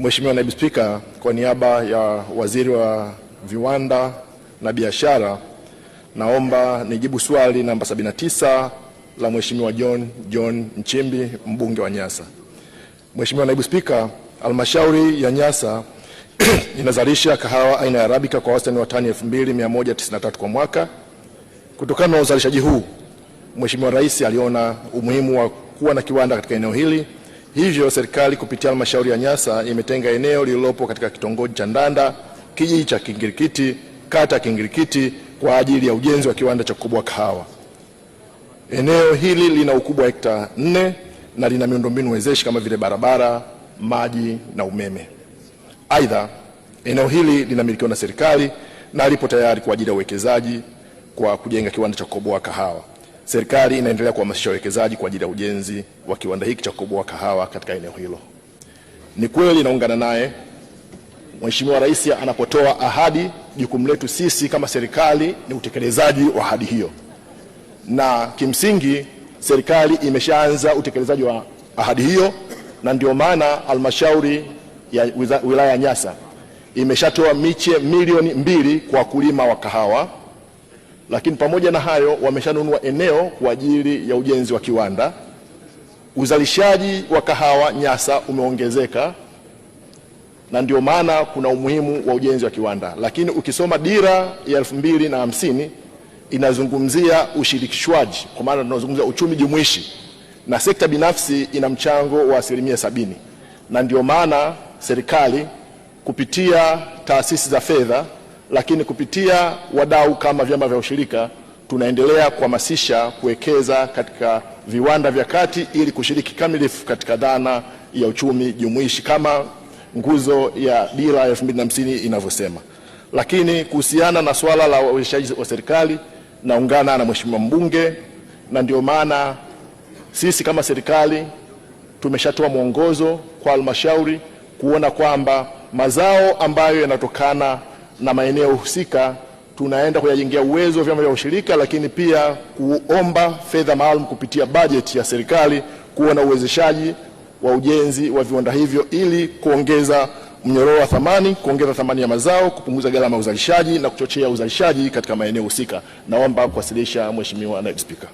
Mheshimiwa Naibu Spika, kwa niaba ya Waziri wa Viwanda na Biashara, naomba nijibu swali namba 79 la Mheshimiwa John John Nchimbi, mbunge wa Nyasa. Mheshimiwa Naibu Spika, Halmashauri ya Nyasa inazalisha kahawa aina ya Arabika kwa wastani wa tani 2193 kwa mwaka. Kutokana na uzalishaji huu, Mheshimiwa Rais aliona umuhimu wa kuwa na kiwanda katika eneo hili Hivyo serikali kupitia halmashauri ya Nyasa imetenga eneo lililopo katika kitongoji cha Ndanda, kijiji cha Kingirikiti, kata ya Kingirikiti kwa ajili ya ujenzi wa kiwanda cha kubwa kahawa. Eneo hili lina ukubwa wa hekta nne na lina miundombinu wezeshi kama vile barabara, maji na umeme. Aidha, eneo hili linamilikiwa na serikali na lipo tayari kwa ajili ya uwekezaji kwa kujenga kiwanda cha kukoboa kahawa. Serikali inaendelea kuhamasisha wawekezaji kwa ajili ya ujenzi wa kiwanda hiki cha kukoboa kahawa katika eneo hilo. Ni kweli naungana naye Mheshimiwa Rais anapotoa ahadi, jukumu letu sisi kama serikali ni utekelezaji wa ahadi hiyo, na kimsingi serikali imeshaanza utekelezaji wa ahadi hiyo, na ndio maana halmashauri ya wilaya ya Nyasa imeshatoa miche milioni mbili kwa wakulima wa kahawa lakini pamoja na hayo, wameshanunua eneo kwa ajili ya ujenzi wa kiwanda. Uzalishaji wa kahawa Nyasa umeongezeka na ndio maana kuna umuhimu wa ujenzi wa kiwanda. Lakini ukisoma dira ya elfu mbili na hamsini inazungumzia ushirikishwaji, kwa maana tunazungumzia uchumi jumuishi na sekta binafsi ina mchango wa asilimia sabini, na ndio maana serikali kupitia taasisi za fedha lakini kupitia wadau kama vyama vya ushirika tunaendelea kuhamasisha kuwekeza katika viwanda vya kati ili kushiriki kamilifu katika dhana ya uchumi jumuishi kama nguzo ya dira ya 2050 inavyosema. Lakini kuhusiana na swala la uwezeshaji wa serikali, naungana na mheshimiwa mbunge, na ndio maana sisi kama serikali tumeshatoa mwongozo kwa halmashauri kuona kwamba mazao ambayo yanatokana na maeneo husika tunaenda kuyajengea uwezo vyama vya ushirika, lakini pia kuomba fedha maalum kupitia bajeti ya serikali kuwa na uwezeshaji wa ujenzi wa viwanda hivyo ili kuongeza mnyororo wa thamani, kuongeza thamani ya mazao, kupunguza gharama ya uzalishaji na kuchochea uzalishaji katika maeneo husika. Naomba kuwasilisha Mheshimiwa Naibu Spika.